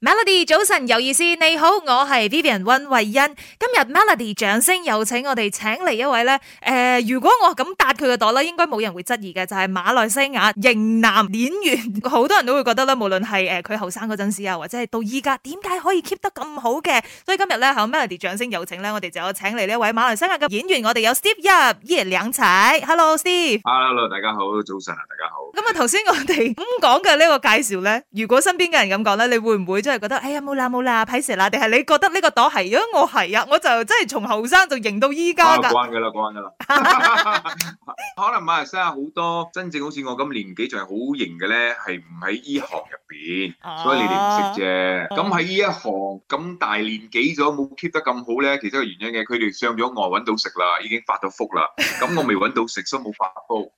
Melody 早晨有意思，你好，我係 Vivian 溫慧欣。今日 Melody 掌聲有請我哋請嚟一位咧，誒、呃，如果我咁搭佢嘅朵咧，應該冇人會質疑嘅，就係、是、馬來西亞型男演員，好多人都會覺得咧，無論係誒佢後生嗰陣時啊，或者係到依家，點解可以 keep 得咁好嘅？所以今日咧，吓 Melody 掌聲有請咧，我哋就有請嚟呢位馬來西亞嘅演員，我哋有 Steve 葉良財，Hello Steve，Hello 大家好，早晨啊，大家好。咁啊，頭先我哋咁講嘅呢個介紹咧，如果身邊嘅人咁講咧，你會唔會？都係覺得哎呀，冇啦冇啦，睇成啦，定係你覺得呢個朵係？如果我係啊，我就真係從後生就型到依家關噶啦，關噶啦。 可能馬來西亞好多真正好似我咁年，年紀仲係好型嘅咧，係唔喺呢行入邊，啊、所以你哋唔識啫。咁喺呢一行咁大年紀咗，冇 keep 得咁好咧，其實個原因嘅，佢哋上咗岸揾到食啦，已經發到福啦。咁 我未揾到食，所以冇發福。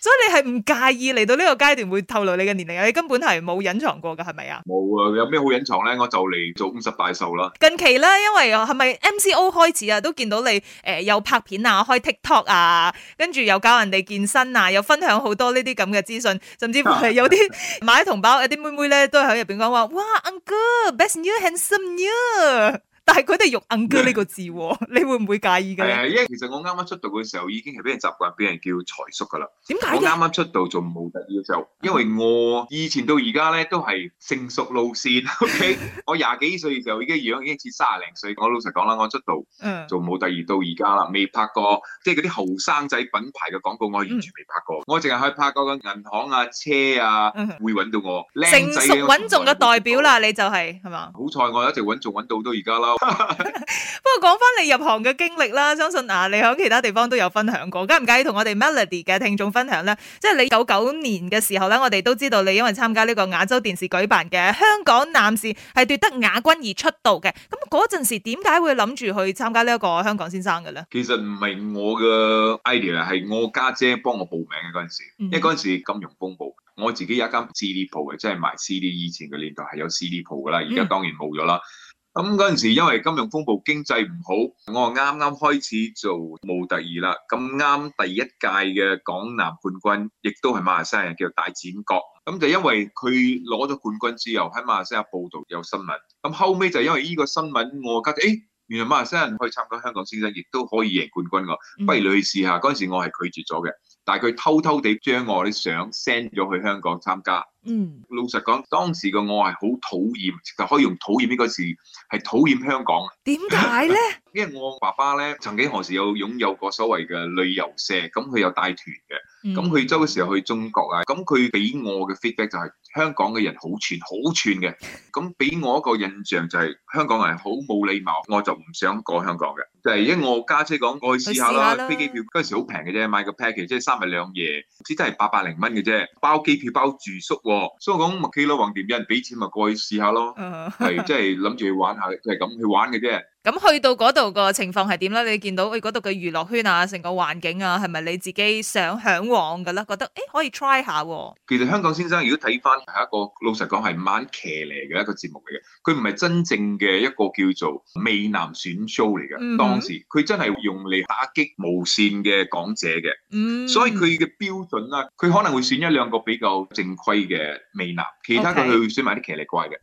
所以你係唔介意嚟到呢個階段會透露你嘅年齡啊？你根本係冇隱藏過噶，係咪啊？冇啊！有咩好隱藏咧？我就嚟做五十大壽啦。近期啦，因為係咪 MCO 開始啊，都見到你誒、呃，又拍片啊，開 TikTok 啊，跟住又教人哋健身啊，又分享好多呢啲咁嘅資訊，甚至乎係有啲 買同胞有啲妹妹咧，都喺入邊講話哇 I'm good, best new handsome new。但係佢哋用鈺哥呢個字，嗯、你會唔會介意嘅？係因為其實我啱啱出道嘅時候已經係俾人習慣，俾人叫財叔㗎啦。點解？我啱啱出道仲冇第二嘅時候，因為我以前到而家咧都係成熟路線。O、okay? K， 我廿幾歲嘅時候已經，依家樣已經似卅零歲。我老實講啦，我出道就冇第二到而家啦，未拍過即係嗰啲後生仔品牌嘅廣告，我完全未拍過。嗯、我淨係去拍過個銀行啊、車啊，會揾到我。成熟穩重嘅代表啦，你就係係嘛？好彩我一直穩重揾到到而家啦。 不過講翻你入行嘅經歷啦，相信嗱、啊、你喺其他地方都有分享過，介唔介意同我哋 Melody 嘅聽眾分享咧？即係你九九年嘅時候咧，我哋都知道你因為參加呢個亞洲電視舉辦嘅香港男士係奪得亞軍而出道嘅。咁嗰陣時點解會諗住去參加呢一個香港先生嘅咧？其實唔係我嘅 idea，係我家姐，姐幫我報名嘅。嗰陣時，嗯、因為嗰陣時金融風暴，我自己有一間 CD 鋪嘅，即係賣 CD。以前嘅年代係有 CD 鋪噶啦而家當然冇咗啦。嗯咁嗰陣時，因為金融風暴，經濟唔好，我啱啱開始做模特兒啦。咁啱第一屆嘅港男冠軍，亦都係馬來西亞人，叫做大展國。咁就因為佢攞咗冠軍之後，喺馬來西亞報道有新聞。咁後尾就因為呢個新聞，我覺得誒、欸，原來馬來西亞人可以參加香港先生，亦都可以贏冠軍㗎。不如你試下嗰陣、嗯、時，我係拒絕咗嘅。但係佢偷偷地將我啲相 send 咗去香港參加。嗯，嗯老實講，當時嘅我係好討厭，其實可以用討厭呢個詞。係討厭香港啊？點解咧？因為我爸爸咧，曾經何時有擁有過所謂嘅旅遊社，咁佢有帶團嘅。咁佢嗰個時候去中國啊，咁佢俾我嘅 feedback 就係、是、香港嘅人好串好串嘅，咁俾我一個印象就係、是、香港人好冇禮貌，我就唔想過香港嘅，就係因為我家姐講過去試下啦，下飛機票嗰陣時好平嘅啫，買個 package 即係三日兩夜，只真係八百零蚊嘅啫，包機票包住宿喎，所以講咪記咯，橫掂有人俾錢咪過去試下咯，係即係諗住去玩下，就係、是、咁去玩嘅啫。咁去到嗰度個情況係點咧？你見到誒嗰度嘅娛樂圈啊，成個環境啊，係咪你自己想向往㗎啦？覺得誒、哎、可以 try 下喎、啊。其實香港先生如果睇翻係一個老實講係蠻騎呢嘅一個節目嚟嘅，佢唔係真正嘅一個叫做美男選秀嚟嘅。嗯、哼當時佢真係用嚟打擊無線嘅港姐嘅，嗯、所以佢嘅標準啦，佢可能會選一兩個比較正規嘅美男，其他嘅佢會選埋啲騎呢怪嘅。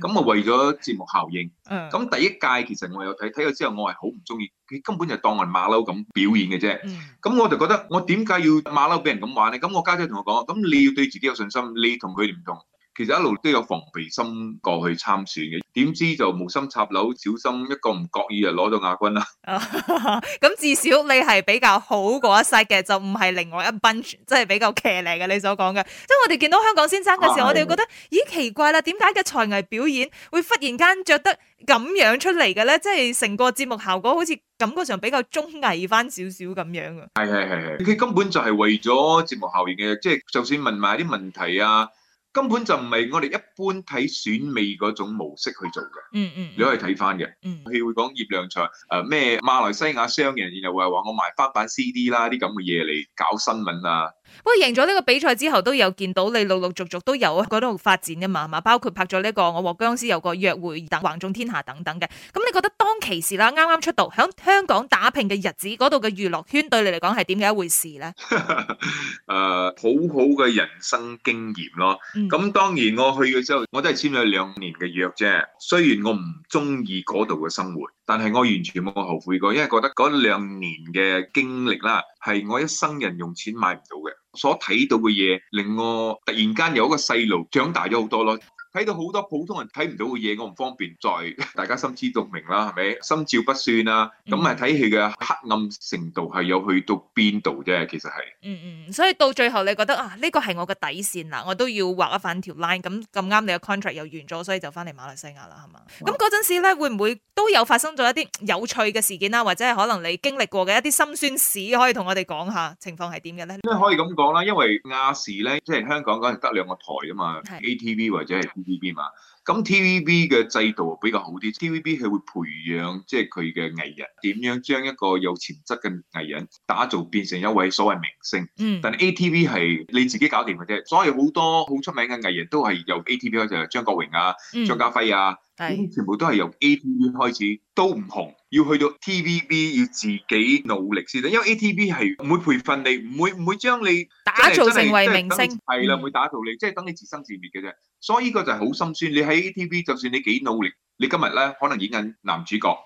咁啊 Okay 為咗節目效應，咁、 嗯、第一屆其實。我有睇，睇咗之後我，我係好唔中意，佢根本就當人係馬騮咁表演嘅啫。咁、mm hmm. 我就覺得我，我點解要馬騮俾人咁玩咧？咁我家姐同我講，咁你要對自己有信心，你同佢唔同。其實一路都有防備心過去參選嘅，點知就無心插柳，小心一個唔覺意就攞到亞軍啦。咁 至少你係比較好嗰一 side 嘅，就唔係另外一 bunch，即係比較騎呢嘅，你所講嘅。即係我哋見到香港先生嘅時候，的我哋會覺得咦，奇怪啦，點解嘅才藝表演會忽然間着得咁樣出嚟嘅咧？即係成個節目效果好似感覺上比較綜藝翻少少咁樣嘅。係係係係，佢根本就係為咗節目效應嘅，即係就算問埋啲問題啊。根本就唔係我哋一般睇選美嗰種模式去做嘅、嗯。嗯嗯，你可以睇翻嘅。譬如、嗯、會講葉良財誒咩馬來西亞商人，然後又話話我賣翻版 CD 啦啲咁嘅嘢嚟搞新聞啊。不過贏咗呢個比賽之後，都有見到你陸陸續續都有喺嗰度發展嘅嘛嘛，包括拍咗呢、這個我和僵屍有個約會等橫中天下等等嘅。咁你覺得當其時啦，啱啱出道響香港打拼嘅日子，嗰度嘅娛樂圈對你嚟講係點解一回事咧？誒、 呃，好好嘅人生經驗咯。咁當然我去嘅時候，我都係簽咗兩年嘅約啫。雖然我唔中意嗰度嘅生活，但係我完全冇後悔過，因為覺得嗰兩年嘅經歷啦，係我一生人用錢買唔到嘅。所睇到嘅嘢令我突然間有一個細路長大咗好多咯。睇到好多普通人睇唔到嘅嘢，我唔方便再大家心知肚明啦，係咪？心照不宣啦，咁係睇佢嘅黑暗程度係有去到邊度啫？其實係。嗯嗯，所以到最後你覺得啊，呢個係我嘅底線啦，我都要畫一反條 line。咁咁啱你嘅 contract 又完咗，所以就翻嚟馬來西亞啦，係嘛？咁嗰陣時咧，會唔會都有發生咗一啲有趣嘅事件啦，或者係可能你經歷過嘅一啲心酸史，可以同我哋講下情況係點嘅咧？咁可以咁講啦，因為亞視咧，即係香港嗰陣得兩個台啊嘛，ATV 或者係。TVB 嘛，咁 TVB 嘅制度比較好啲，TVB 係會培養即係佢嘅藝人點樣將一個有潛質嘅藝人打造變成一位所謂明星。嗯，但係 ATV 係你自己搞掂嘅啫。所以好多好出名嘅藝人都係由 ATV 開始，張國榮啊，嗯、張家輝啊，是嗰啲全部都係由 ATV 開始，都唔紅，要去到 TVB 要自己努力先得，因為 ATV 係唔會培訓你，唔會唔會將你打造成為明星，係啦，唔會、嗯、打造你，即係等你自生自滅嘅啫。所以呢個就係好心酸。你喺 A T V，就算你幾努力，你今日咧可能演緊男主角，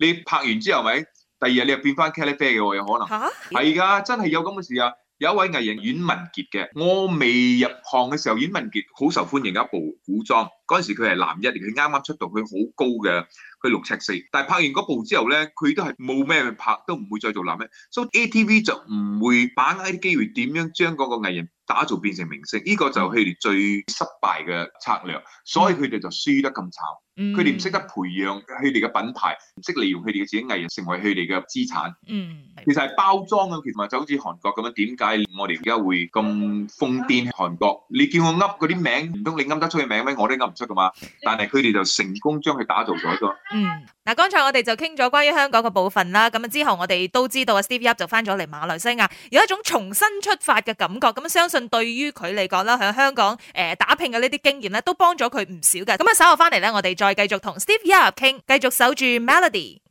你拍完之後，咪第二日你又變返茄喱啡嘅喎，有可能。嚇、啊！係㗎，真係有咁嘅事啊！有一位藝人阮文傑嘅，我未入行嘅時候，袁文傑好受歡迎，一部古裝，嗰陣時佢係男一，佢啱啱出道，佢好高嘅，佢六尺四。但係拍完嗰部之後咧，佢都係冇咩去拍，都唔會再做男一，所以 ATV 就唔會把握啲機會，點樣將嗰個藝人打造變成明星？呢、這個就係佢哋最失敗嘅策略，所以佢哋就輸得咁慘。佢哋唔識得培養佢哋嘅品牌，唔識利用佢哋嘅自己藝人成為佢哋嘅資產。其實係包裝啊，其實就好似韓國咁樣，點解我哋而家會咁瘋癲？韓國，你叫我噏嗰啲名，唔通你噏得出嘅名咩？我都噏唔出噶嘛。但係佢哋就成功將佢打造咗咗。嗯，嗱，剛才我哋就傾咗關於香港嘅部分啦。咁啊，之後我哋都知道啊，Steve Yap 就翻咗嚟馬來西亞，有一種重新出發嘅感覺。咁相信對於佢嚟講啦，喺香港誒打拼嘅呢啲經驗咧，都幫咗佢唔少嘅。咁啊，稍後翻嚟咧，我哋再繼續同 Steve Yap 傾，繼續守住 Melody。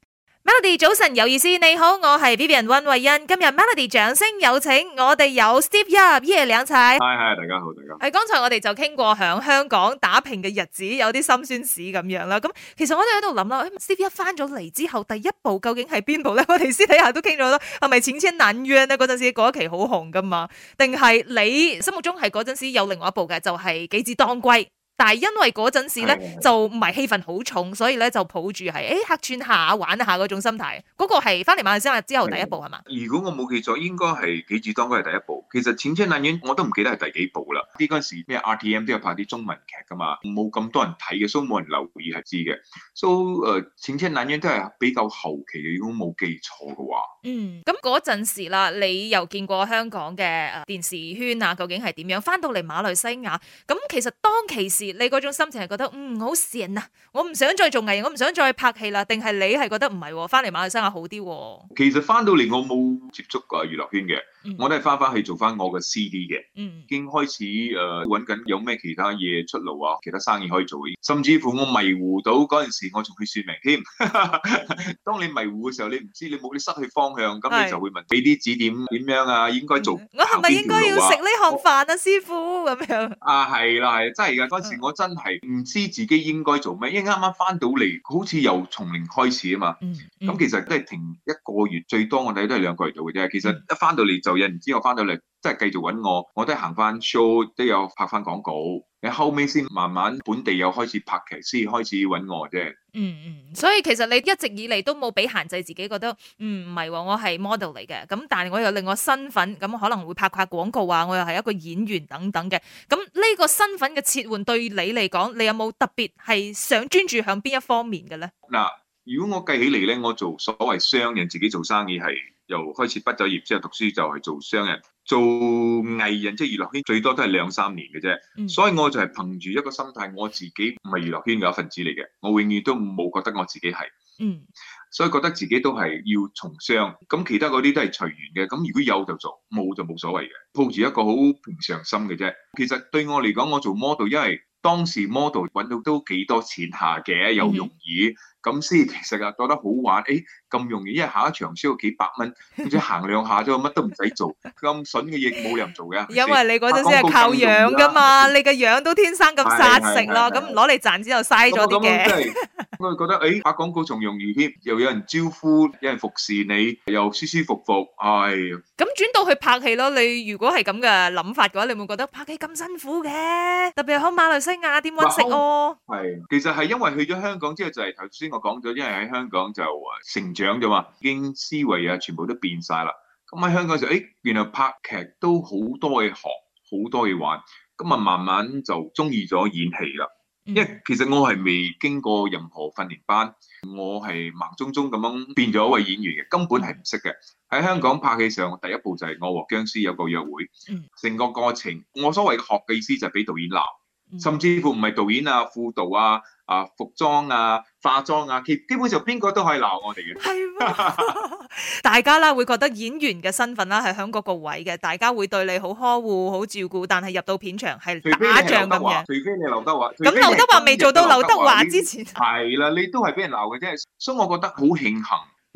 Melody 早晨有意思，你好，我係 Vivian 溫慧欣，今日 Melody 掌聲有請，我哋有 Steve Yip 葉良財，係係，大家好，大家好，係。剛才我哋就傾過響香港打拼嘅日子，有啲心酸史咁樣啦。咁、嗯、其實我哋喺度諗啦，Steve Yip 翻咗嚟之後，第一步究竟係邊步咧？我哋私底下都傾咗啦，係咪《淺清難約》咧？嗰陣時嗰一期好紅噶嘛？定係你心目中係嗰陣時有另外一部嘅，就係、是《幾字當歸》？但係因為嗰陣時咧的就唔係氣氛好重，所以咧就抱住係誒客串一下玩一下嗰種心態。嗰、那個係翻嚟馬來西亞之後第一部係嘛？的吧如果我冇記錯，應該係幾時當歸係第一部。其實《淺青冷掩》我都唔記得係第幾部啦。呢嗰陣時咩 RTM 都有拍啲中文劇㗎嘛，冇咁多人睇嘅，所以冇人留意係知嘅。So，《誒、呃，《淺青冷掩》都係比較後期，嘅，如果冇記錯嘅話。嗯，咁嗰陣時啦，你又見過香港嘅、呃、電視圈啊？究竟係點樣？翻到嚟馬，馬來西亞咁，其實當其時。你嗰種心情係覺得嗯，好善啊，我唔想再做藝人，我唔想再拍戲啦。定係你係覺得唔係啊，翻嚟馬來西亞好啲啊？其實翻到嚟我冇接觸過娛樂圈嘅。我都係翻翻去做翻我嘅 C D 嘅，已經開始誒揾緊有咩其他嘢出路啊，其他生意可以做。甚至乎我迷糊到嗰陣時，我仲去算命添。當你迷糊嘅時候，你唔知你冇，啲失去方向，咁、嗯、是你就會問俾啲指點點樣啊，應該做、嗯、我係咪啊？唔應該要食呢行飯啊，師傅咁樣。啊，係啦、啊，係真係噶。嗰陣、啊啊、時我真係唔知自己應該做咩，因為啱啱翻到嚟，好似由從零開始啊嘛。咁其實都係停一個月，最多我哋都係兩個月到嘅啫。其實一翻到嚟就。嗯嗯嗯嗯人之後翻到嚟，即係繼續搵我，我都係行翻 show，都有拍翻廣告。你後尾先慢慢本地又開始拍劇，先開始搵我啫。嗯嗯，所以其實你一直以嚟都冇俾限制自己，覺得唔唔係，我係 model 嚟嘅。咁但係我有另外身份，咁可能會拍下廣告啊，我又係一個演員等等嘅。咁呢個身份嘅切換對你嚟講，你有冇特別係想專注向邊一方面嘅咧？嗱，如果我計起嚟咧，我做所謂商人，自己做生意係。就開始畢咗業之後、就是、讀書就係、是、做商人、做藝人，即、就、係、是、娛樂圈最多都係兩三年嘅啫。Mm hmm. 所以我就係憑住一個心態，我自己唔係娛樂圈嘅一份子嚟嘅，我永遠都冇覺得我自己係。嗯、mm，hmm. 所以覺得自己都係要從商，咁其他嗰啲都係隨緣嘅。咁如果有就做，冇就冇所謂嘅。抱住一個好平常心嘅啫。其實對我嚟講，我做 model，因為當時 model 揾到都幾多錢下嘅，有容易。Mm hmm. 咁先，其實啊，覺得好玩，誒咁容易，因為下一場需要幾百蚊，咁樣行兩下啫乜都唔使做，咁筍嘅嘢冇人做嘅。因為你嗰陣先係靠樣噶嘛，你嘅樣都天生咁殺食咯，咁攞嚟賺之後嘥咗啲嘅。我係覺得誒拍廣告仲容易添，又有人招呼，有人服侍你，又舒舒服服，係。咁轉到去拍戲咯，你如果係咁嘅諗法嘅話，你會覺得拍戲咁辛苦嘅，特別喺馬來西亞點揾食哦。係，其實係因為去咗香港之後就係頭先。我講咗，因為喺香港就成長咗嘛，已經思維啊，全部都變晒啦。咁喺香港就，誒、哎、原來拍劇都好多嘢學，好多嘢玩。咁啊，慢慢就中意咗演戲啦。因為其實我係未經過任何訓練班，我係盲中中咁樣變咗一位演員嘅，根本係唔識嘅。喺香港拍戲上，第一步就係《我和僵屍有個約會》，成個過程，我所謂嘅學嘅意思就係俾導演鬧。甚至乎唔係導演啊、輔導啊、啊服裝啊、化妝啊，基基本上邊個都可以鬧我哋嘅嗎。係 大家啦會覺得演員嘅身份啦係響嗰個位嘅，大家會對你好呵護、好照顧，但係入到片場係打仗咁樣。除非你劉德華，除非你劉德華。咁劉德華未做到劉德華之前，係啦，你都係俾人鬧嘅啫。所以我覺得好慶幸，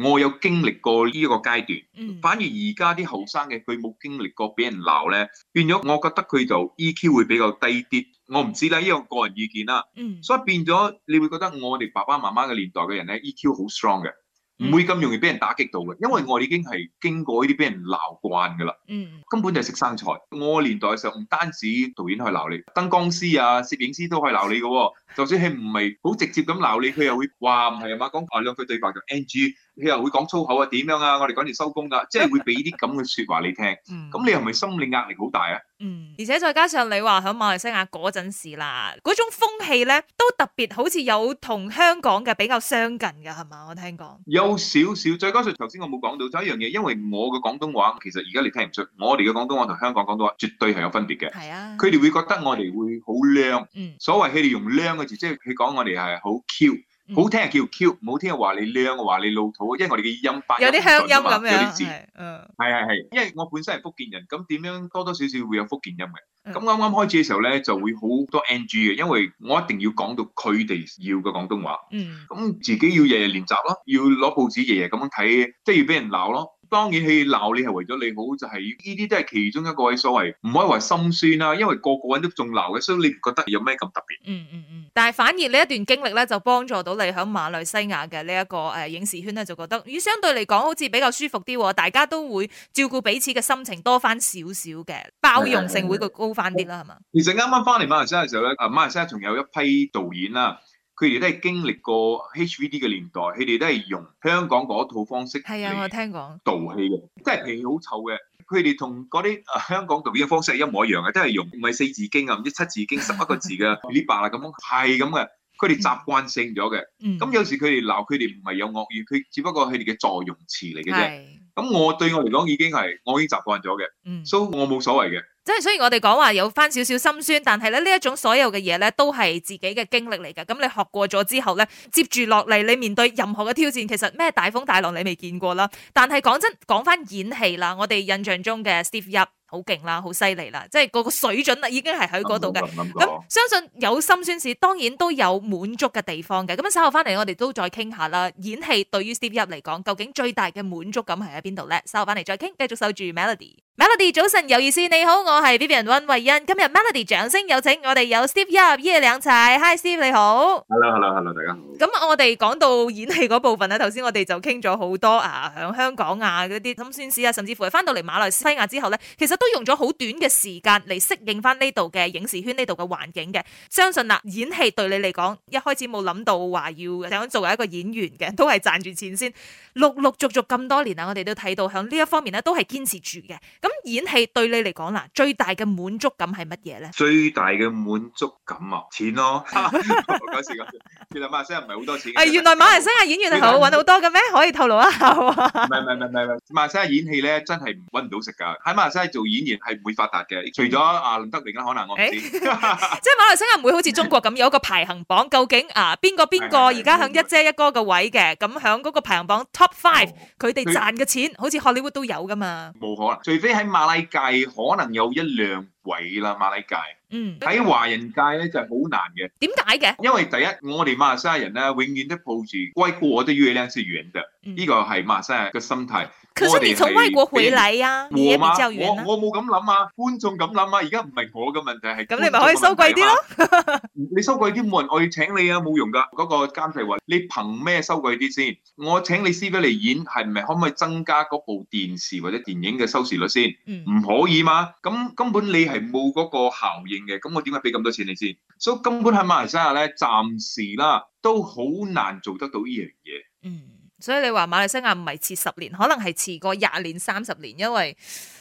我有經歷過呢一個階段。嗯，反而而家啲後生嘅佢冇經歷過俾人鬧咧，變咗我覺得佢就 EQ 會比較低啲。我唔知啦，呢個個人意見啦，嗯、所以變咗你會覺得我哋爸爸媽媽嘅年代嘅人咧 EQ 好 strong 嘅，唔會咁容易俾人打擊到嘅，因為我哋已經係經過呢啲俾人鬧慣嘅啦。嗯，根本就係食生菜。我年代嘅時候唔單止導演可以鬧你，燈光師啊、攝影師都可以鬧你嘅喎。就算佢唔係好直接咁鬧你，佢又會話唔係啊嘛，講啊兩句對白就 NG，佢又會講粗口啊，點樣啊，我哋趕住收工㗎，即係會俾啲咁嘅説話你聽。咁你係咪心理壓力好大啊？嗯，而且再加上你話喺馬來西亞嗰陣時啦，嗰種風氣咧都特別好似有同香港嘅比較相近嘅係嘛？我聽講有少少，再加上頭先我冇講到就一樣嘢，因為我嘅廣東話其實而家你聽唔出，我哋嘅廣東話同香港廣東話絕對係有分別嘅。係啊，佢哋會覺得我哋會好靚。嗯，所謂佢哋用靚嘅。即係佢講我哋係好 Q，好聽係叫 Q，唔好聽係話你靚，我話你老土，因為我哋嘅語音發有啲鄉音咁樣，有啲字，嗯，係係係，因為我本身係福建人，咁點樣多多少少會有福建音嘅，咁啱啱開始嘅時候咧，就會好多 NG 嘅，因為我一定要講到佢哋要嘅廣東話，嗯，咁自己要日日練習咯，要攞報紙日日咁樣睇，即係要俾人鬧咯。當然佢鬧你係為咗你好，就係呢啲都係其中一個所謂唔可以話心酸啦，因為個個人都仲鬧嘅，所以你覺得有咩咁特別？嗯嗯嗯。但係反而呢一段經歷咧，就幫助到你喺馬來西亞嘅呢一個誒、呃、影視圈咧，就覺得與相對嚟講好似比較舒服啲，大家都會照顧彼此嘅心情多翻少少，嘅包容性會高翻啲啦，係嘛、嗯？嗯、吧其實啱啱翻嚟馬來西亞嘅時候咧，啊馬來西亞仲有一批導演啦、啊。佢哋都係經歷過 HVD 嘅年代，佢哋都係用香港嗰套方式，係啊，我聽講，導戲嘅，真係脾氣好臭嘅。佢哋同嗰啲香港導演嘅方式係一模一樣嘅，都係用唔係四字經啊，唔知七字經十一個字嘅語白啦咁樣，係咁嘅。佢哋習慣性咗嘅，咁、嗯、有時佢哋鬧，佢哋唔係有惡意，佢只不過係佢哋嘅助語詞嚟嘅啫。咁是我對我嚟講已經係，我已經習慣咗嘅，嗯、所以我冇所謂嘅。即係雖然我哋講話有翻少少心酸，但係咧呢一種所有嘅嘢，咧都係自己嘅經歷嚟嘅。咁你學過咗之後咧，接住落嚟你面對任何嘅挑戰，其實咩大風大浪你未見過啦。但係講真，講翻演戲啦，我哋印象中嘅 Steve 一好勁啦，好犀利啦，即係個個水準啦，已經係喺嗰度嘅。咁、嗯嗯嗯嗯、相信有心酸事，當然都有滿足嘅地方嘅。咁稍後翻嚟我哋都再傾下啦。演戲對於 Steve 一嚟講，究竟最大嘅滿足感係喺邊度咧？稍後翻嚟再傾，繼續守住 Melody。Melody 早晨，有意思你好，我係 Vivian 溫慧欣。今日 Melody 掌聲有請，我哋有 Steve 葉良財。Hi Steve 你好，Hello Hello Hello 大家好。咁我哋講到演戲嗰部分咧，頭先我哋就傾咗好多啊，響香港啊嗰啲心酸史啊，甚至乎係翻到嚟馬來西亞之後咧，其實都用咗好短嘅時間嚟適應翻呢度嘅影視圈呢度嘅環境嘅。相信啦，演戲對你嚟講，一開始冇諗到話要想作為一個演員嘅，都係賺住錢先。陸陸續續咁多年啊，我哋都睇到響呢一方面咧，都係堅持住嘅。咁演戲對你嚟講嗱，最大嘅滿足感係乜嘢咧？最大嘅滿足感啊，錢咯。講笑講笑。原來馬來西亞唔係好多錢。係，原來馬來西亞演員好搵好多嘅咩？可以透露一下嗎？唔係唔係唔係唔係，馬來西亞演戲咧真係搵唔到食噶。喺馬來西亞做演員係唔會發達嘅。除咗阿林德榮啦，可能我唔知。即係馬來西亞唔會好似中國咁有一個排行榜，究竟啊邊個邊個而家響一姐一哥嘅位嘅？咁響嗰個排行榜 Top Five，佢哋賺嘅錢好似 Hollywood 都有噶嘛？冇可能，除非喺馬拉界可能有一兩位啦，馬拉界。嗯，喺華人界咧就係、是、好難嘅。點解嘅？因為第一，我哋馬來西亞人咧，永遠都抱住，怪過我的月亮是圓的，呢、這個係馬來西亞嘅心態。佢可是你從外國回來呀、啊啊，我我冇咁諗啊，觀眾咁諗啊，而家唔係我嘅問題係。咁你咪可以收貴啲咯。嗯、你收貴啲冇人我要請你啊，冇用噶。嗰、那個監製話：你憑咩收貴啲先？我請你師傅嚟演係唔係？可唔可以增加嗰部電視或者電影嘅收視率先？唔、嗯、可以嘛？咁、嗯、根本你係冇嗰個效應嘅。咁我點解俾咁多錢你先？所、so, 以根本喺馬來西亞咧，暫時啦都好難做得到呢樣嘢。嗯。所以你話馬來西亞唔係遲十年，可能係遲過廿年、三十年，因為，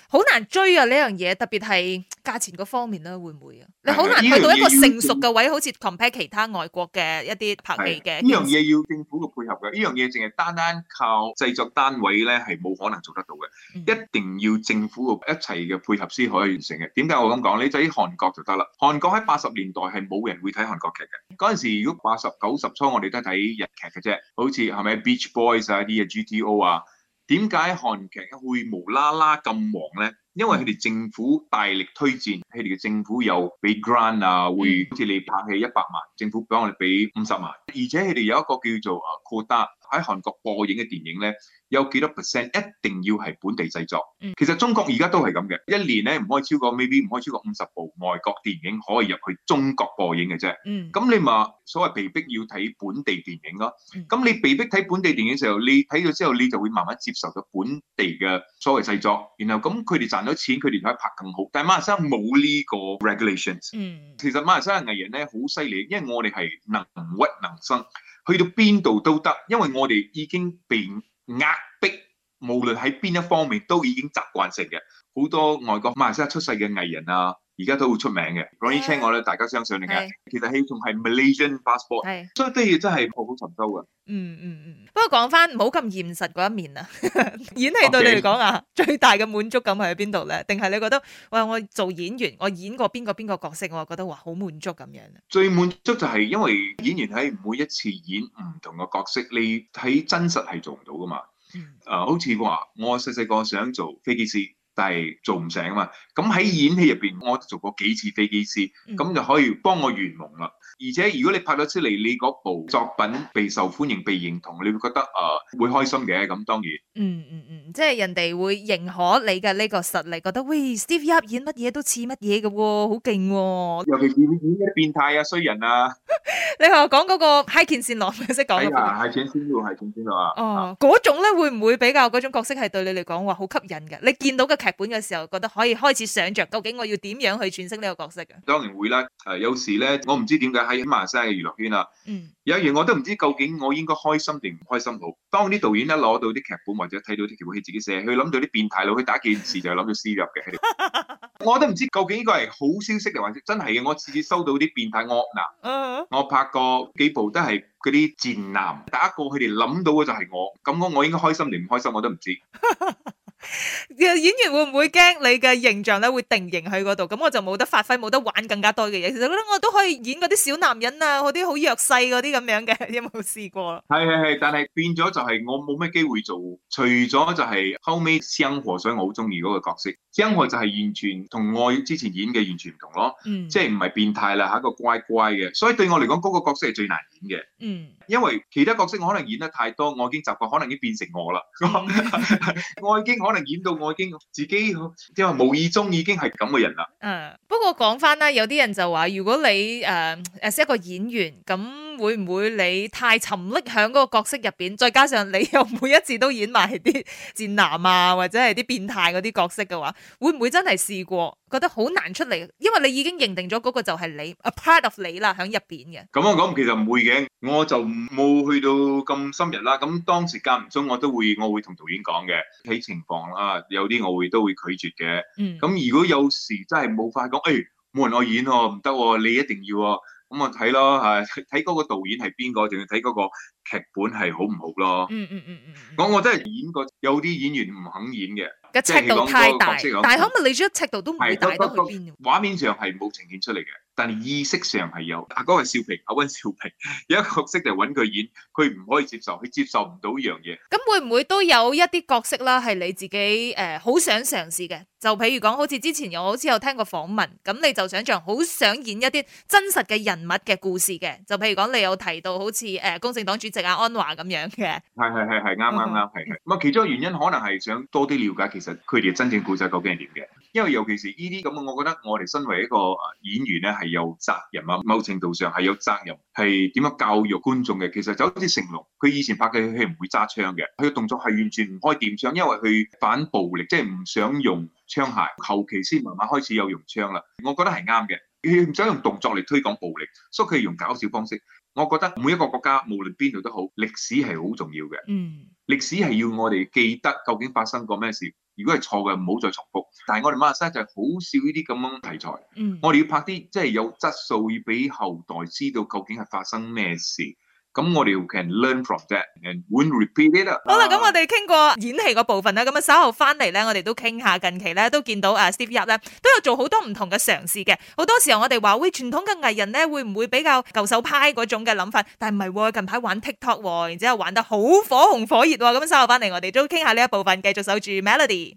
好難追啊，呢樣嘢，特別係價錢嗰方面啦、啊，會唔會啊？的你好難去到一個成熟嘅位，好似 compare 其他外國嘅一啲拍戲嘅。呢樣嘢要政府嘅配合嘅，呢樣嘢淨係單單靠製作單位咧係冇可能做得到嘅，嗯、一定要政府嘅一齊嘅配合先可以完成嘅。點解我咁講？你就喺韓國就得啦，韓國喺八十年代係冇人會睇韓國劇嘅，嗰陣時如果八十九十初我哋都係睇日劇嘅啫，好似係咪 Beach Boys 啊啲啊 GTO 啊。點解韓劇會無啦啦咁忙咧？因為佢哋政府大力推薦，佢哋嘅政府又俾 grant 啊，會好似你拍戲一百萬，政府幫我哋俾五十萬，而且佢哋有一個叫做啊 quota。喺韓國播映嘅電影咧，有幾多 percent 一定要係本地製作？嗯、其實中國而家都係咁嘅，一年咧唔可以超過，maybe 唔可以超過五十部外國電影可以入去中國播映嘅啫。咁、嗯、你咪所謂被逼要睇本地電影咯、啊？咁、嗯、你被逼睇本地電影時候，你睇咗之後，你就會慢慢接受咗本地嘅所謂製作。然後咁佢哋賺到錢，佢哋就可以拍更好。但馬來西亞冇呢個 regulations。嗯、其實馬來西亞嘅藝人咧好犀利，因為我哋係能屈能伸。去到邊度都得，因為我哋已經被壓迫，無論喺邊一方面都已經習慣成嘅，好多外國馬來西亞出世嘅藝人啊，而家都會出名嘅，講起聽我咧，Yeah. 大家相信定嘅。Yeah. 其實係仲係 Malaysian pas Yeah . sport 所以都要真係破釜沉舟嘅。嗯嗯嗯，不過講翻唔好咁現實嗰一面啊。 演戲對你嚟講啊，Okay. 最大嘅滿足感係喺邊度咧？定係你覺得哇，我做演員，我演過邊個邊個角色，我覺得哇，好滿足咁樣。嗯、最滿足就係因為演員喺每一次演唔同嘅角色，你喺真實係做唔到噶嘛。啊、mm. uh,，好似話我細細個想做飛機師。但係做唔成啊嘛，咁喺演戲入邊，我做過幾次飛機師，咁就可以幫我圓夢啦。而且如果你拍咗出嚟，你嗰部作品備受歡迎、被認同，你會覺得啊、呃，會開心嘅。咁當然，嗯嗯嗯，即係人哋會認可你嘅呢個實力，覺得喂，Steve Yap 演乜嘢都似乜嘢嘅喎，好勁喎。尤其是你演演啲變態啊、衰人啊。 你係講嗰個《海劍仙浪》那個，識講、哎呀《海劍仙浪》係從邊度啊？哦，嗰種咧會唔會比較嗰種角色係對你嚟講話好吸引嘅？你見到個劇本嘅時候，覺得可以開始想象，究竟我要點樣去詮釋呢個角色嘅？當然會啦。誒，有時咧，我唔知點解喺馬來西亞嘅娛樂圈啊，嗯、有完我都唔知究竟我應該開心定唔開心好。當啲導演一攞到啲劇本，或者睇到啲劇本戲自己寫，佢諗到啲變態佬，佢第一件事就諗到私入嘅。 我都唔知究竟呢個係好消息定還是真係嘅。我次次收到啲變態惡男，我拍過幾部都係嗰啲賤男，第一個佢哋諗到嘅就係我，咁我我應該開心定唔開心我都唔知。 演員會唔會驚你嘅形象咧會定型喺嗰度？咁我就冇得發揮，冇得玩更加多嘅嘢。其實我覺得我都可以演嗰啲小男人啊，嗰啲好弱勢嗰啲咁樣嘅，有冇試過？係係係，但係變咗就係我冇咩機會做，除咗就係後尾相和，所以我好中意嗰個角色。相、嗯、和就係完全同我之前演嘅完全唔同咯，嗯、即係唔係變態啦，係一個乖乖嘅。所以對我嚟講，嗰、那個角色係最難演嘅。嗯，因為其他角色我可能演得太多，我已經習慣，可能已經變成我啦。嗯、 我已經可能。演到我已經自己即係話無意中已經係咁嘅人啦。嗯，不過講翻啦，有啲人就話，如果你誒誒識一個演員咁。會唔會你太沉溺喺嗰個角色入邊？再加上你又每一次都演埋啲賤男啊，或者係啲變態嗰啲角色嘅話，會唔會真係試過覺得好難出嚟？因為你已經認定咗嗰個就係你，a part of 你啦，喺入邊嘅。咁啊、嗯，咁、嗯、其實唔會嘅，我就冇去到咁深入啦。咁當時間唔中我都會，我會同導演講嘅，睇情況啦。有啲我會都會拒絕嘅。咁如果有時真係冇法講，誒、哎，冇人我演哦、啊，唔得哦，你一定要哦、啊。咁我睇咯，係睇嗰個導演係邊個好好，仲要睇嗰個劇本係好唔好咯。嗯嗯嗯嗯，我我真係演過，有啲演員唔肯演嘅。個尺度太大，但大馬可能你將尺度都唔會大到去邊？畫面上係冇呈現出嚟嘅，但意識上係有。阿哥係少平，阿溫少平，有一個角色就係揾佢演，佢唔可以接受，佢接受唔到依樣嘢。咁會唔會都有一啲角色啦？係你自己誒好、呃、想嘗試嘅？就譬如講，好似之前又好似有聽過訪問，咁你就想象好想演一啲真實嘅人物嘅故事嘅。就譬如講，你有提到好似誒公正黨主席阿安華咁樣嘅？係係係係啱啱啱係係。咁、嗯、啊，嗯嗯、其中原因可能係想多啲了解其其實佢哋真正故仔究竟係點嘅？因為尤其是呢啲咁嘅，我覺得我哋身為一個演員咧，係有責任啊！某程度上係有責任係點樣教育觀眾嘅。其實就好似成龍，佢以前拍嘅戲係唔會揸槍嘅，佢嘅動作係完全唔開電槍，因為佢反暴力，即係唔想用槍械。後期先慢慢開始有用槍啦。我覺得係啱嘅，佢唔想用動作嚟推廣暴力，所以佢用搞笑方式。我覺得每一個國家無論邊度都好，歷史係好重要嘅。嗯，歷史係要我哋記得究竟發生過咩事。如果係錯嘅，唔好再重複。但係我哋馬來西亞就係好少呢啲咁樣嘅題材。嗯、我哋要拍啲即係有質素，要俾後代知道究竟係發生咩事。咁 我哋 can learn from that and won't repeat it。好啦，咁我哋傾過演戲嗰部分咧，咁啊稍後翻嚟咧，我哋都傾下近期咧都見到啊 Steve Yap 咧都有做好多唔同嘅嘗試嘅。好多時候我哋話，喂，傳統嘅藝人咧會唔會比較舊手派嗰種嘅諗法？但係唔係喎，近排玩 TikTok、喎、然之後玩得好火紅火熱喎、哦。咁稍後翻嚟，我哋都傾下呢一部分，繼續守住 Melody。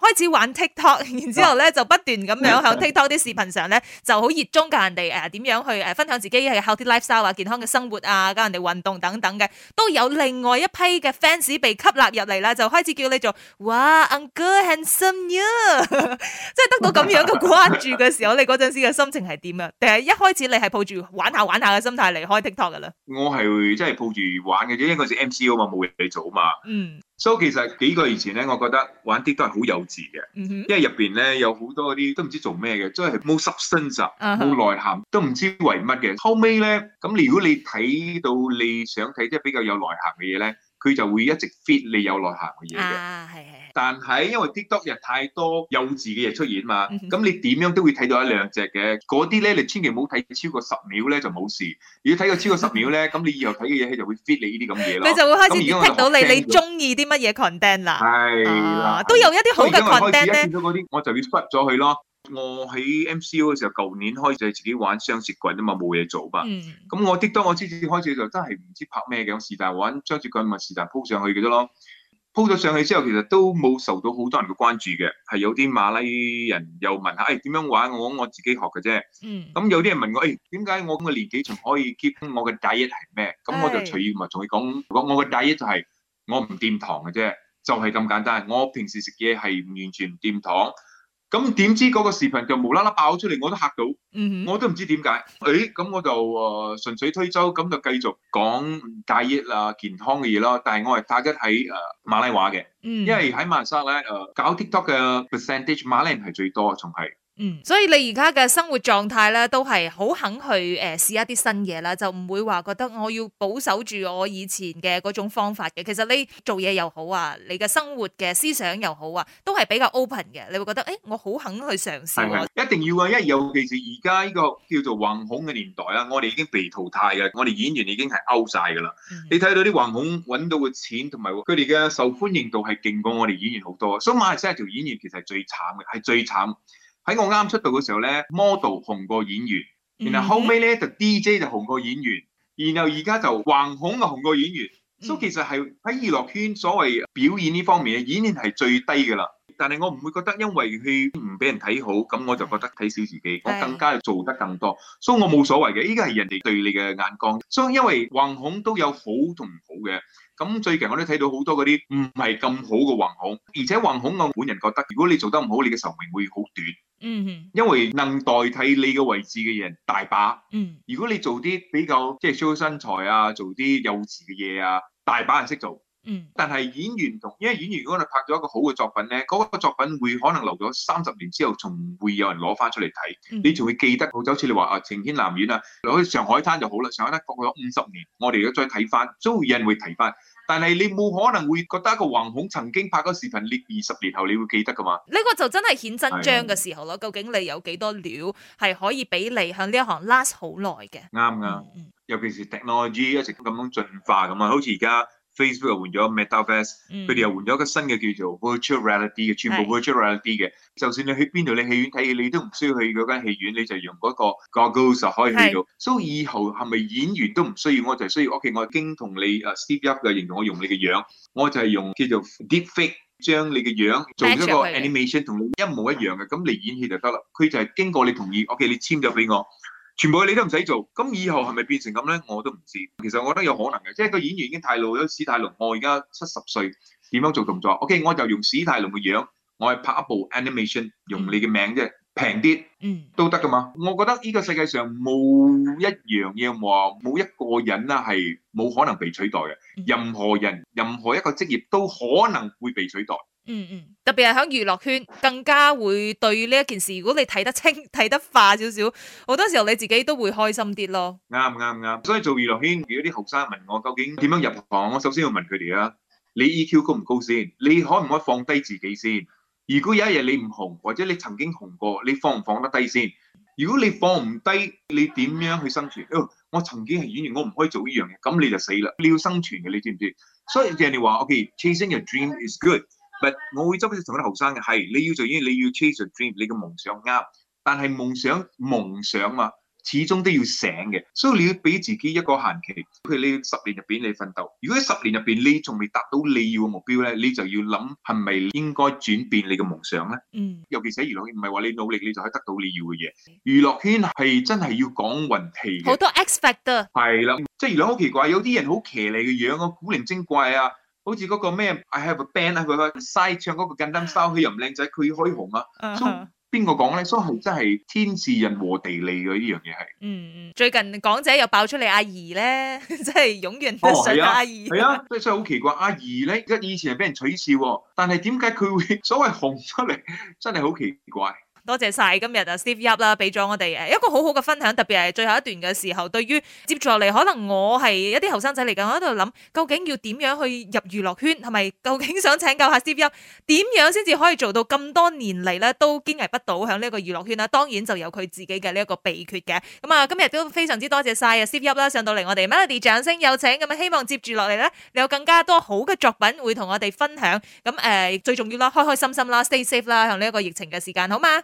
開始玩 TikTok，然之後咧就不斷咁樣喺 TikTok 啲視頻上咧 就好熱衷教人哋誒點樣去誒分享自己嘅 healthy lifestyle 啊、健康嘅生活啊、教人哋運動等等嘅，都有另外一批嘅 fans 被吸納入嚟啦，就開始叫你做哇 Uncle Handsome 啊！ 即係得到咁樣嘅關注嘅時候， 你嗰陣時嘅心情係點啊？定係一開始你係抱住玩下玩下嘅心態嚟開 TikTok 噶啦？我係即係抱住玩嘅啫，因為嗰時 MC 啊嘛，冇人嚟做啊嘛，嗯。所以、so, 其實幾個月前咧，我覺得玩 TikTok 係好有。嘅，mm hmm. 因為入邊咧有好多嗰啲都唔知做咩嘅，即係冇 substance，冇內涵，都唔知為乜嘅。後尾咧，咁如果你睇到你想睇即係比較有內涵嘅嘢咧。佢就會一直 fit 你有內涵嘅嘢嘅，啊、但係因為 TikTok 人太多幼稚嘅嘢出現啊嘛，咁、嗯、哼你點樣都會睇到一兩隻嘅，嗰啲咧你千祈唔好睇超過十秒咧就冇事，如果睇過超過十秒咧，咁 你以後睇嘅嘢佢就會 fit 你呢啲咁嘢咯。佢就會開始 fit、嗯、到你，你中意啲乜嘢 content 啦，係啦、啊，都有一啲好嘅 content 咗嗰啲，呢我就要 cut 咗佢咯。我喺 MCO 嘅時候，舊年開始自己玩雙截棍啫嘛，冇嘢做嘛。咁我啲當我之前開始嘅時候，真係唔知拍咩嘅，咁是但玩雙截棍，咪是但鋪上去嘅啫咯。鋪咗上去之後，其實都冇受到好多人嘅關注嘅，係有啲馬拉人又問下，誒、哎，點樣玩？我我自己學嘅啫。咁、嗯嗯、有啲人問我，誒，點解我咁嘅年紀仲可以 keep？我嘅 diet 係咩？咁是我就隨意咪同佢講，講我嘅 diet 就係我唔掂糖嘅啫，就係、是、咁簡單。我平時食嘢係完全唔掂糖。咁點知嗰個視頻就無啦啦爆出嚟，我都嚇到，我都唔知點解。誒、mm，咁、hmm. 哎、我就誒順水推舟，咁就繼續講大熱啊健康嘅嘢啦。但係我係大家睇誒馬來話嘅，mm hmm. 因為喺馬來西亞咧誒搞 TikTok 嘅 percentage 馬來人係最多，仲係。嗯，所以你而家嘅生活狀態咧，都係好肯去誒、呃、試一啲新嘢啦，就唔會話覺得我要保守住我以前嘅嗰種方法嘅。其實你做嘢又好啊，你嘅生活嘅思想又好啊，都係比較 open 嘅。你會覺得誒、欸，我好肯去嘗試，啊。一定要啊！因為尤其係而家呢個叫做網紅嘅年代啊，我哋已經被淘汰嘅，我哋演員已經係 out 晒㗎啦。嗯、你睇到啲網紅揾到嘅錢同埋佢哋嘅受歡迎度係勁過我哋演員好多。所以馬來西亞條演員其實係最慘嘅，係最慘。喺我啱出道嘅時候咧，model 紅過演員，然後後尾咧就 D.J. 就紅過演員，然後而家就網紅就紅過演員，mm hmm. 所以其實係喺娛樂圈所謂表演呢方面嘅演員係最低噶啦。但係我唔會覺得，因為佢唔俾人睇好，咁我就覺得睇小自己，是我更加要做得更多，是所以我冇所謂嘅。依家係人哋對你嘅眼光，所以因為網紅都有好同唔好嘅。咁最近我都睇到好多嗰啲唔係咁好嘅網紅，而且網紅我本人覺得，如果你做得唔好，你嘅壽命會好短。嗯哼，mm hmm. 因為能代替你個位置嘅人大把。嗯、mm，hmm. 如果你做啲比較即係 show 身材啊，做啲幼稚嘅嘢啊，大把人識做。嗯、mm，hmm. 但係演員同，因為演員如果你拍咗一個好嘅作品咧，嗰、那個作品會可能留咗三十年之後，仲會有人攞翻出嚟睇，mm hmm. 你仲會記得。好就好似你話、呃、啊，晴天南苑啊，好似上海灘就好啦。上海灘，上海灘過去咗五十年，我哋如果再睇翻，都會有人會提翻。但係你冇可能會覺得一個橫恐曾經拍過視頻，你二十年後你會記得㗎嘛？呢個就真係顯真章嘅時候咯。的究竟你有幾多料係可以俾你向呢一行 last 好耐嘅？啱噶、嗯，尤其是 technology 一直都咁樣進化咁啊，好似而家。Facebook 又換咗 Metaverse 佢哋又換咗個新嘅叫做 Virtual Reality 嘅，全部 Virtual Reality 嘅。是就算你去邊度，你戲院睇戲，你都唔需要去嗰間戲院，你就用嗰個 Goggles 就可以去到。所以是、so、以後係咪演員都唔需要，我就係需要。O.K. 我經同你啊、uh, Steve Up 嘅形容我用你嘅樣，我就係用叫做 Deepfake 將你嘅樣做咗個 animation 同你一模一樣嘅，咁你演戲就得啦。佢就係經過你同意，O.K. 你簽咗俾我。全部你都唔使做，咁以後係咪變成咁咧？我都唔知。其實我覺得有可能嘅，即係個演員已經太老咗，史泰龍。我而家七十歲，點樣做動作？OK，我就用史泰龍嘅樣，我係拍一部 animation，用你嘅名啫，平啲，嗯，都得㗎嘛。我覺得呢個世界上冇一樣嘢話冇一個人啦係冇可能被取代嘅，任何人任何一個職業都可能會被取代。嗯嗯，特別係喺娛樂圈更加會對呢一件事，如果你睇得清、睇得化少少，好多時候你自己都會開心啲咯。啱啱啱，所以做娛樂圈如果啲後生問我究竟點樣入行，我首先要問佢哋啊，你 EQ 高唔高先？你可唔可以放低自己先？如果有一日你唔紅，或者你曾經紅過，你放唔放得低先？如果你放唔低，你點樣去生存？哎、我曾經係演員，我唔可以做呢樣嘢，咁你就死啦。你要生存嘅，你知唔知？所以人哋話：OK，chasing your dream is good。But，我會針對同啲後生嘅係，你要做因嘢，你要 chase 個 dream，你嘅夢想啱。但係夢想，夢想啊，始終都要醒嘅，所以你要俾自己一個限期，譬如你十年入邊你奮鬥。如果十年入邊你仲未達到你要嘅目標咧，你就要諗係咪應該轉變你嘅夢想咧？嗯。尤其是娛樂圈，唔係話你努力你就可以得到你要嘅嘢。娛樂圈係真係要講運氣嘅，好多 X factor 係啦，即係、就是、娛樂好奇怪，有啲人好騎呢嘅樣啊，古靈精怪啊，好似嗰個咩，I have a band 啊，佢嘅西唱嗰個 Gangnam Style，佢又唔靚仔，佢可、uh huh. 以紅啊？所以邊個講咧？所以真係天時人和地利嘅呢樣嘢係。嗯嗯，最近港姐又爆出嚟阿儀咧，真係永遠得晒阿儀。係、哦、啊，真真係好奇怪，阿儀咧，以前係俾人取笑，但係點解佢會所謂紅出嚟？真係好奇怪。多謝晒今日啊，Steve Yup 啦，俾咗我哋誒一個好好嘅分享，特別係最後一段嘅時候，對於接住落嚟，可能我係一啲後生仔嚟嘅，我喺度諗，究竟要點樣去入娛樂圈？係咪？究竟想請教下 Steve Yup，點樣先至可以做到咁多年嚟咧都堅毅不倒響呢一個娛樂圈啊？當然就有佢自己嘅呢一個秘訣嘅。咁啊，今日都非常之多謝晒啊，Steve Yup 啦，上到嚟我哋 Melody 掌聲有請，咁啊希望接住落嚟咧你有更加多好嘅作品會同我哋分享。咁誒最重要啦，開開心心啦，Stay Safe 啦，響呢一個疫情嘅時間，好嘛？